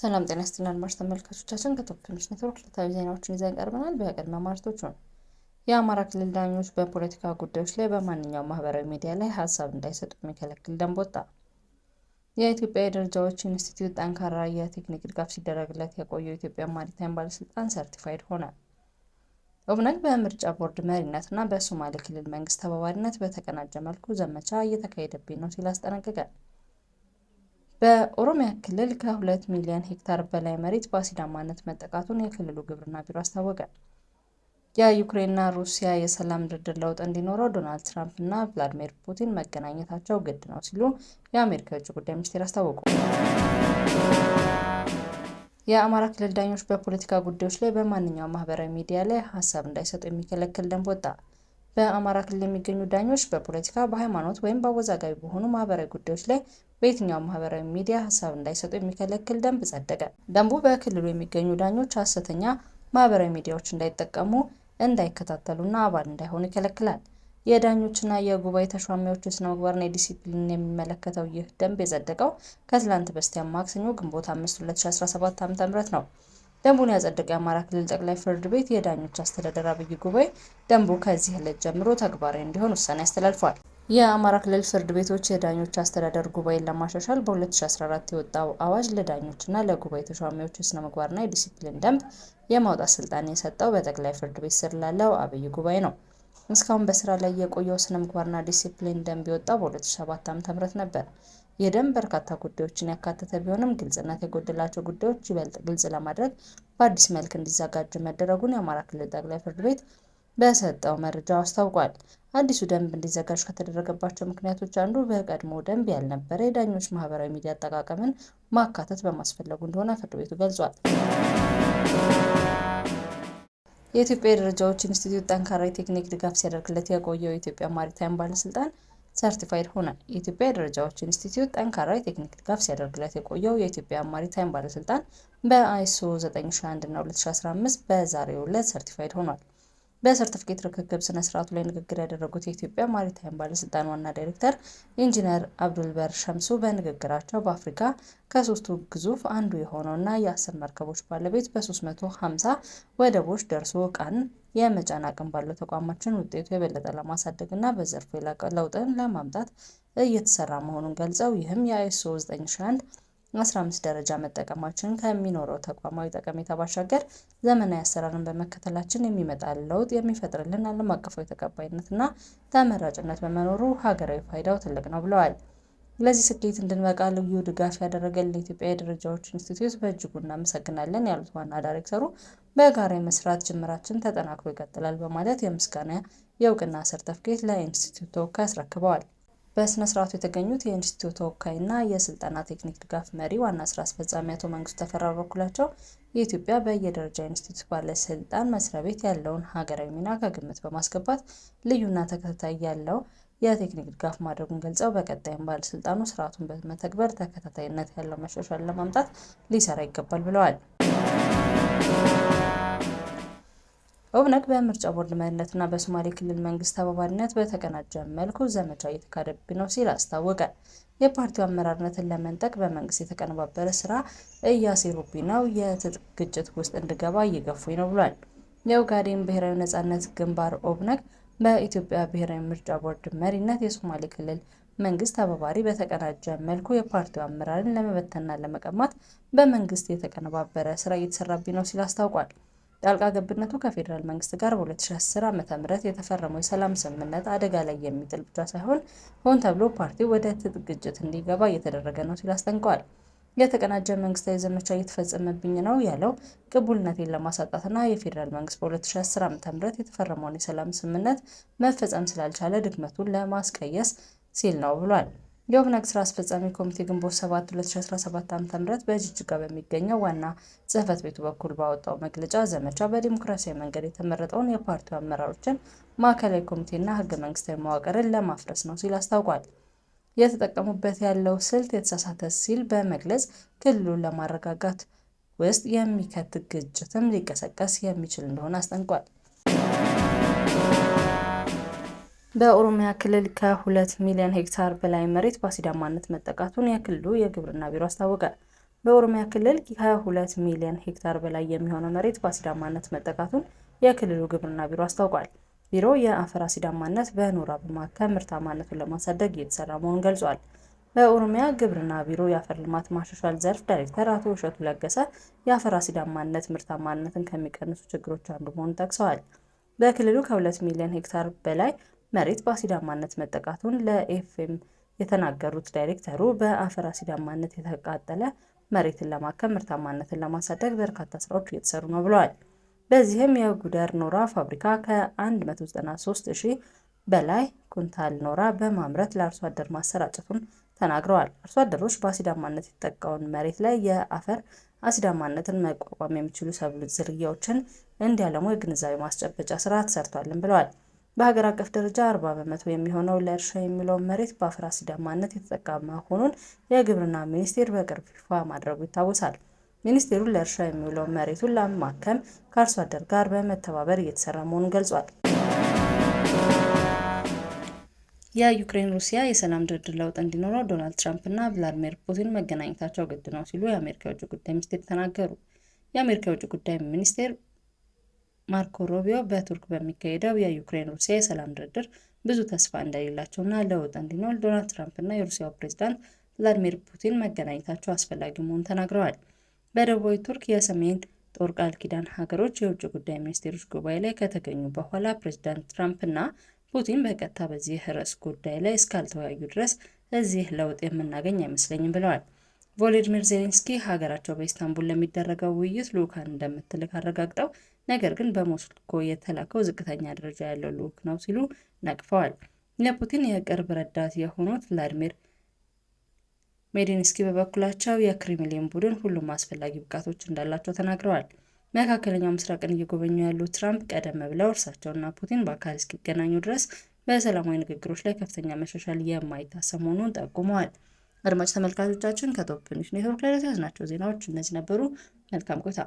ሰላም ጤና ይስጥልን አድማጭ ተመልካቾቻችን፣ ከቶፕ ኒውስ ኔትወርክ ዕለታዊ ዜናዎችን ይዘን ቀርበናል። በቅድመ ማርቶች ነው። የአማራ ክልል ዳኞች በፖለቲካ ጉዳዮች ላይ በማንኛውም ማህበራዊ ሚዲያ ላይ ሀሳብ እንዳይሰጡ የሚከለክል ደንብ ወጣ። የኢትዮጵያ የደረጃዎች ኢንስቲትዩት ጠንካራ የቴክኒክ ድጋፍ ሲደረግለት የቆየው የኢትዮጵያ ማሪታይም ባለስልጣን ሰርቲፋይድ ሆነ። ኦብነግ በምርጫ ቦርድ መሪነትና በሶማሌ ክልል መንግስት ተባባሪነት በተቀናጀ መልኩ ዘመቻ እየተካሄደብኝ ነው ሲል አስጠነቀቀ። በኦሮሚያ ክልል ከሁለት ሚሊዮን ሄክታር በላይ መሬት በአሲዳማነት መጠቃቱን የክልሉ ግብርና ቢሮ አስታወቀ። የዩክሬንና ሩሲያ የሰላም ድርድር ለውጥ እንዲኖረው ዶናልድ ትራምፕ እና ቭላዲሚር ፑቲን መገናኘታቸው ግድ ነው ሲሉ የአሜሪካ የውጭ ጉዳይ ሚኒስቴር አስታወቁ። የአማራ ክልል ዳኞች በፖለቲካ ጉዳዮች ላይ በማንኛውም ማህበራዊ ሚዲያ ላይ ሀሳብ እንዳይሰጡ የሚከለክል ደንብ ወጣ። በአማራ ክልል የሚገኙ ዳኞች በፖለቲካ፣ በሃይማኖት ወይም በአወዛጋቢ በሆኑ ማህበራዊ ጉዳዮች ላይ በየትኛው ማህበራዊ ሚዲያ ሀሳብ እንዳይሰጡ የሚከለክል ደንብ ጸደቀ። ደንቡ በክልሉ የሚገኙ ዳኞች ሀሰተኛ ማህበራዊ ሚዲያዎች እንዳይጠቀሙ፣ እንዳይከታተሉና አባል እንዳይሆኑ ይከለክላል። የዳኞችና የጉባኤ ተሿሚዎች ስነ ምግባርና የዲሲፕሊን የሚመለከተው ይህ ደንብ የጸደቀው ከትላንት በስቲያ ማክሰኞ ግንቦት 5 2017 ዓ.ም ነው። ደንቡን ያጸደቀ የአማራ ክልል ጠቅላይ ፍርድ ቤት የዳኞች አስተዳደር አብይ ጉባኤ ደንቡ ከዚህ ዕለት ጀምሮ ተግባራዊ እንዲሆን ውሳኔ አስተላልፏል። የአማራ ክልል ፍርድ ቤቶች የዳኞች አስተዳደር ጉባኤን ለማሻሻል በ2014 የወጣው አዋጅ ለዳኞችና ለጉባኤ ተሿሚዎች የሥነ ምግባርና የዲሲፕሊን ደንብ የማውጣት ስልጣን የሰጠው በጠቅላይ ፍርድ ቤት ስር ላለው አብይ ጉባኤ ነው። እስካሁን በስራ ላይ የቆየው ሥነ ምግባርና ዲሲፕሊን ደንብ የወጣው በ2007 ም ነበር። የደንብ በርካታ ጉዳዮችን ያካተተ ቢሆንም ግልጽነት የጎደላቸው ጉዳዮች ይበልጥ ግልጽ ለማድረግ በአዲስ መልክ እንዲዘጋጁ መደረጉን የአማራ ክልል ጠቅላይ ፍርድ ቤት በሰጠው መረጃ አስታውቋል። አዲሱ ደንብ እንዲዘጋጅ ከተደረገባቸው ምክንያቶች አንዱ በቀድሞ ደንብ ያልነበረ የዳኞች ማህበራዊ ሚዲያ አጠቃቀምን ማካተት በማስፈለጉ እንደሆነ ፍርድ ቤቱ ገልጿል። የኢትዮጵያ የደረጃዎች ኢንስቲትዩት ጠንካራ የቴክኒክ ድጋፍ ሲያደርግለት የቆየው የኢትዮጵያ ማሪታይም ባለስልጣን ሰርቲፋይድ ሆኗል። የኢትዮጵያ የደረጃዎች ኢንስቲትዩት ጠንካራ የቴክኒክ ድጋፍ ሲያደርግለት የቆየው የኢትዮጵያ ማሪታይም ባለስልጣን በአይሶ 9001ና 2015 በዛሬው ዕለት ሰርቲፋይድ ሆኗል። በሰርቲፊኬት ርክክብ ስነ ስርዓቱ ላይ ንግግር ያደረጉት የኢትዮጵያ ማሪታይም ባለስልጣን ዋና ዳይሬክተር ኢንጂነር አብዱልበር ሸምሱ በንግግራቸው በአፍሪካ ከሶስቱ ግዙፍ አንዱ የሆነውና የአስር መርከቦች ባለቤት በ350 ወደቦች ደርሶ እቃን የመጫን አቅም ባለው ተቋማችን ውጤቱ የበለጠ ለማሳደግና በዘርፉ የላቀ ለውጥን ለማምጣት እየተሰራ መሆኑን ገልጸው ይህም 9 9001 15 ደረጃ መጠቀማችን ከሚኖረው ተቋማዊ ጠቀሜታ ባሻገር ዘመናዊ አሰራርን በመከተላችን የሚመጣ ለውጥ የሚፈጥርልን ዓለም አቀፋዊ ተቀባይነትና ተመራጭነት በመኖሩ ሀገራዊ ፋይዳው ትልቅ ነው ብለዋል። ለዚህ ስኬት እንድንበቃ ልዩ ድጋፍ ያደረገልን የኢትዮጵያ የደረጃዎች ኢንስቲትዩት በእጅጉ እናመሰግናለን ያሉት ዋና ዳይሬክተሩ በጋራ የመስራት ጅምራችን ተጠናክሮ ይቀጥላል በማለት የምስጋና የእውቅና ሰርተፍኬት ለኢንስቲትዩት ተወካይ አስረክበዋል። በስነ ስርዓቱ የተገኙት የኢንስቲትዩት ተወካይና የስልጠና ቴክኒክ ድጋፍ መሪ ዋና ስራ አስፈጻሚ አቶ መንግስቱ ተፈራ በበኩላቸው የኢትዮጵያ በየደረጃ ኢንስቲትዩት ባለስልጣን መስሪያ ቤት ያለውን ሀገራዊ ሚና ከግምት በማስገባት ልዩና ተከታታይ ያለው የቴክኒክ ድጋፍ ማድረጉን ገልጸው በቀጣይም ባለስልጣኑ ስርዓቱን በመተግበር ተከታታይነት ያለው መሻሻል ለማምጣት ሊሰራ ይገባል ብለዋል። ኦብነግ በምርጫ ቦርድ መሪነትና በሶማሌ ክልል መንግስት ተባባሪነት በተቀናጀ መልኩ ዘመቻ እየተካሄደብኝ ነው ሲል አስታወቀ። የፓርቲው አመራርነትን ለመንጠቅ በመንግስት የተቀነባበረ ስራ እያሴሩብኝ ነው፣ የትጥቅ ግጭት ውስጥ እንድገባ እየገፉኝ ነው ብሏል። የኦጋዴን ብሔራዊ ነጻነት ግንባር ኦብነግ በኢትዮጵያ ብሔራዊ ምርጫ ቦርድ መሪነት የሶማሌ ክልል መንግስት ተባባሪ በተቀናጀ መልኩ የፓርቲው አመራርን ለመበተንና ለመቀማት በመንግስት የተቀነባበረ ስራ እየተሰራብኝ ነው ሲል አስታውቋል። ጣልቃ ገብነቱ ከፌዴራል መንግስት ጋር በ2010 ዓ ም የተፈረመው የሰላም ስምምነት አደጋ ላይ የሚጥል ብቻ ሳይሆን ሆን ተብሎ ፓርቲው ወደ ትጥቅ ግጭት እንዲገባ እየተደረገ ነው ሲል አስጠንቀዋል። የተቀናጀ መንግስታዊ ዘመቻ እየተፈጸመብኝ ነው ያለው ቅቡልነቴን ለማሳጣትና የፌዴራል መንግስት በ2010 ዓ ም የተፈረመውን የሰላም ስምምነት መፈጸም ስላልቻለ ድክመቱን ለማስቀየስ ሲል ነው ብሏል። የኦብነግ ስራ አስፈጻሚ ኮሚቴ ግንቦት 7 2017 ዓ.ም በጅጅጋ በሚገኘው ዋና ጽህፈት ቤቱ በኩል ባወጣው መግለጫ ዘመቻ በዲሞክራሲያዊ መንገድ የተመረጠውን የፓርቲው አመራሮችን፣ ማዕከላዊ ኮሚቴና ህገ መንግስታዊ መዋቅርን ለማፍረስ ነው ሲል አስታውቋል። የተጠቀሙበት ያለው ስልት የተሳሳተ ሲል በመግለጽ ክልሉን ለማረጋጋት ውስጥ የሚከት ግጭትም ሊቀሰቀስ የሚችል እንደሆነ አስጠንቋል። በኦሮሚያ ክልል ከሁለት ሚሊዮን ሄክታር በላይ መሬት በአሲዳማነት መጠቃቱን የክልሉ የግብርና ቢሮ አስታወቀ። በኦሮሚያ ክልል ከሁለት ሚሊዮን ሄክታር በላይ የሚሆነው መሬት በአሲዳማነት መጠቃቱን የክልሉ ግብርና ቢሮ አስታውቋል። ቢሮ የአፈር አሲዳማነት በኖራ በማከም ምርታማነቱን ለማሳደግ እየተሰራ መሆኑን ገልጿል። በኦሮሚያ ግብርና ቢሮ የአፈር ልማት ማሻሻል ዘርፍ ዳይሬክተር አቶ እሸቱ ለገሰ የአፈር አሲዳማነት ምርታማነትን ከሚቀንሱ ችግሮች አንዱ መሆኑን ጠቅሰዋል። በክልሉ ከሁለት ሚሊዮን ሄክታር በላይ መሬት በአሲዳማነት መጠቃቱን ለኤፍኤም የተናገሩት ዳይሬክተሩ በአፈር አሲዳማነት የተቃጠለ መሬትን ለማከም ምርታማነትን ለማሳደግ በርካታ ስራዎች እየተሰሩ ነው ብለዋል። በዚህም የጉደር ኖራ ፋብሪካ ከ ሺህ በላይ ኩንታል ኖራ በማምረት ለአርሶ አደር ማሰራጨቱን ተናግረዋል። አርሶ አደሮች በአሲዳማነት የተጠቃውን መሬት ላይ የአፈር አሲዳማነትን መቋቋም የሚችሉ ሰብል ዝርያዎችን እንዲያለሙ የግንዛቤ ማስጨበጫ ስራ ተሰርቷልን ብለዋል። በሀገር አቀፍ ደረጃ አርባ በመቶ የሚሆነው ለእርሻ የሚለውን መሬት በአፍራ አሲዳማነት የተጠቃ መሆኑን የግብርና ሚኒስቴር በቅርብ ይፋ ማድረጉ ይታወሳል። ሚኒስቴሩ ለእርሻ የሚውለውን መሬቱን ለማከም ከአርሶ አደር ጋር በመተባበር እየተሰራ መሆኑን ገልጿል። የዩክሬን ሩሲያ የሰላም ድርድር ለውጥ እንዲኖረው ዶናልድ ትራምፕ እና ቭላድሚር ፑቲን መገናኘታቸው ግድ ነው ሲሉ የአሜሪካ የውጭ ጉዳይ ሚኒስቴር ተናገሩ። የአሜሪካ የውጭ ጉዳይ ሚኒስቴር ማርኮ ሮቢዮ በቱርክ በሚካሄደው የዩክሬን ሩሲያ የሰላም ድርድር ብዙ ተስፋ እንደሌላቸውና ለውጥ እንዲኖር ዶናልድ ትራምፕና የሩሲያው ፕሬዝዳንት ቭላዲሚር ፑቲን መገናኘታቸው አስፈላጊ መሆኑን ተናግረዋል። በደቡባዊ ቱርክ የሰሜን ጦር ቃል ኪዳን ሀገሮች የውጭ ጉዳይ ሚኒስቴሮች ጉባኤ ላይ ከተገኙ በኋላ ፕሬዝዳንት እና ፑቲን በቀጥታ በዚህ ርዕስ ጉዳይ ላይ እስካልተወያዩ ድረስ እዚህ ለውጥ የምናገኝ አይመስለኝም ብለዋል። ቮሎዲሚር ዜሌንስኪ ሀገራቸው በኢስታንቡል ለሚደረገው ውይይት ሉካን እንደምትልክ አረጋግጠው ነገር ግን በሞስኮ የተላከው ዝቅተኛ ደረጃ ያለው ልዑክ ነው ሲሉ ነቅፈዋል። ለፑቲን የቅርብ ረዳት የሆኑት ቭላዲሚር ሜዲንስኪ በበኩላቸው የክሬምሊን ቡድን ሁሉም አስፈላጊ ብቃቶች እንዳላቸው ተናግረዋል። መካከለኛው ምስራቅን እየጎበኙ ያሉት ትራምፕ ቀደም ብለው እርሳቸውና ፑቲን በአካል እስኪገናኙ ድረስ በሰላማዊ ንግግሮች ላይ ከፍተኛ መሻሻል የማይታሰብ መሆኑን ጠቁመዋል። አድማጭ ተመልካቾቻችን ከቶፕ ኒውስ ኔትወርክ ላይ ያዝናቸው ዜናዎች እነዚህ ነበሩ። መልካም ቆይታ።